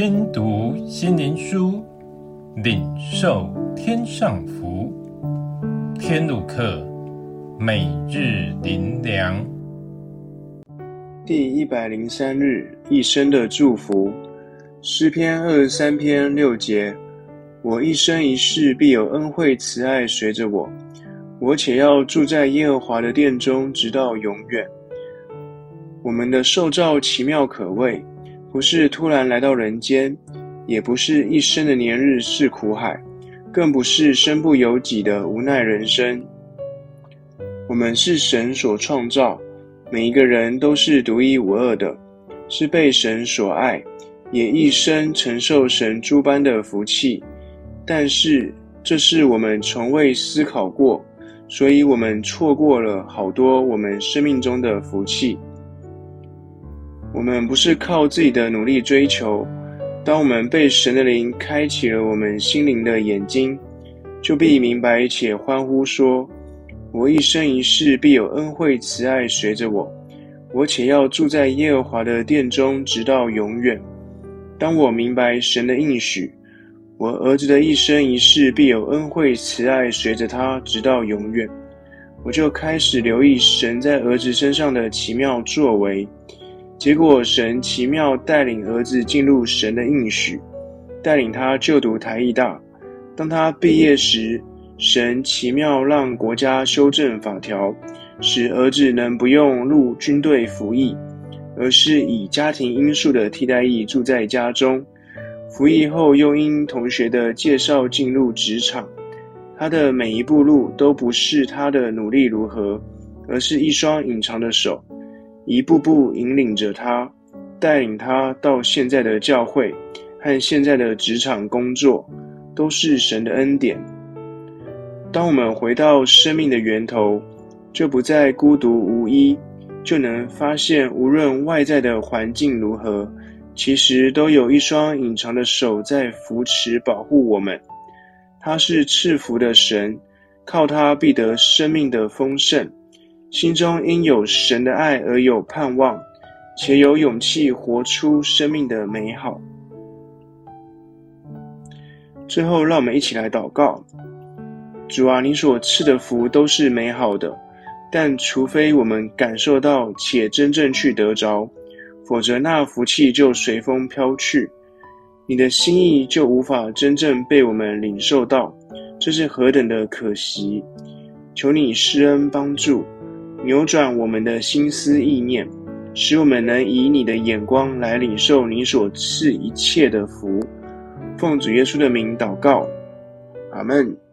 聽讀心靈書，領受天上福。天路客，每日靈糧。第一百零三日，一生的祝福。詩篇二十三篇六節：我一生一世必有恩惠慈愛隨着我，我且要住在耶和華的殿中，直到永遠。我們的受造奇妙可畏。不是突然來到人間，也不是一生的年日是苦海，更不是身不由己的無奈人生。我們是神所創造，每一個人都是獨一無二的，是被神所愛，也一生承受神諸般的福氣。但是，這是我們從未思考過，所以我們錯過了好多我們生命中的福氣。我們不是靠自己的努力追求。當我們被神的靈開啟了我們心靈的眼睛，就必明白且歡呼說：“我一生一世必有恩惠慈愛隨着我，我且要住在耶和華的殿中直到永遠。”當我明白神的應許，我兒子的一生一世必有恩惠慈愛隨着他直到永遠，我就開始留意神在兒子身上的奇妙作為。結果，神奇妙帶領兒子進入神的應許，帶領他就讀台藝大。當他畢業時，神奇妙讓國家修正法條，使兒子能不用入軍隊服役，而是以家庭因素的替代役住在家中。服役後又因同學的介紹進入職場。他的每一步路都不是他的努力如何，而是一雙隱藏的手。一步步引領着他，帶領他到現在的教會和現在的職場工作，都是神的恩典。當我們回到生命的源頭，就不再孤獨無依，就能發現，無論外在的環境如何，其實都有一雙隱藏的手在扶持保護我們。他是賜福的神，靠他必得生命的豐盛。心中因有神的愛而有盼望，且有勇氣活出生命的美好。最後，讓我們一起來禱告：主啊，你所賜的福都是美好的，但除非我們感受到且真正去得着，否則那福氣就隨風飄去，你的心意就無法真正被我們領受到，這是何等的可惜！求你施恩幫助。扭轉我們的心思意念，使我們能以你的眼光來領受你所賜一切的福。奉主耶穌的名禱告，阿門。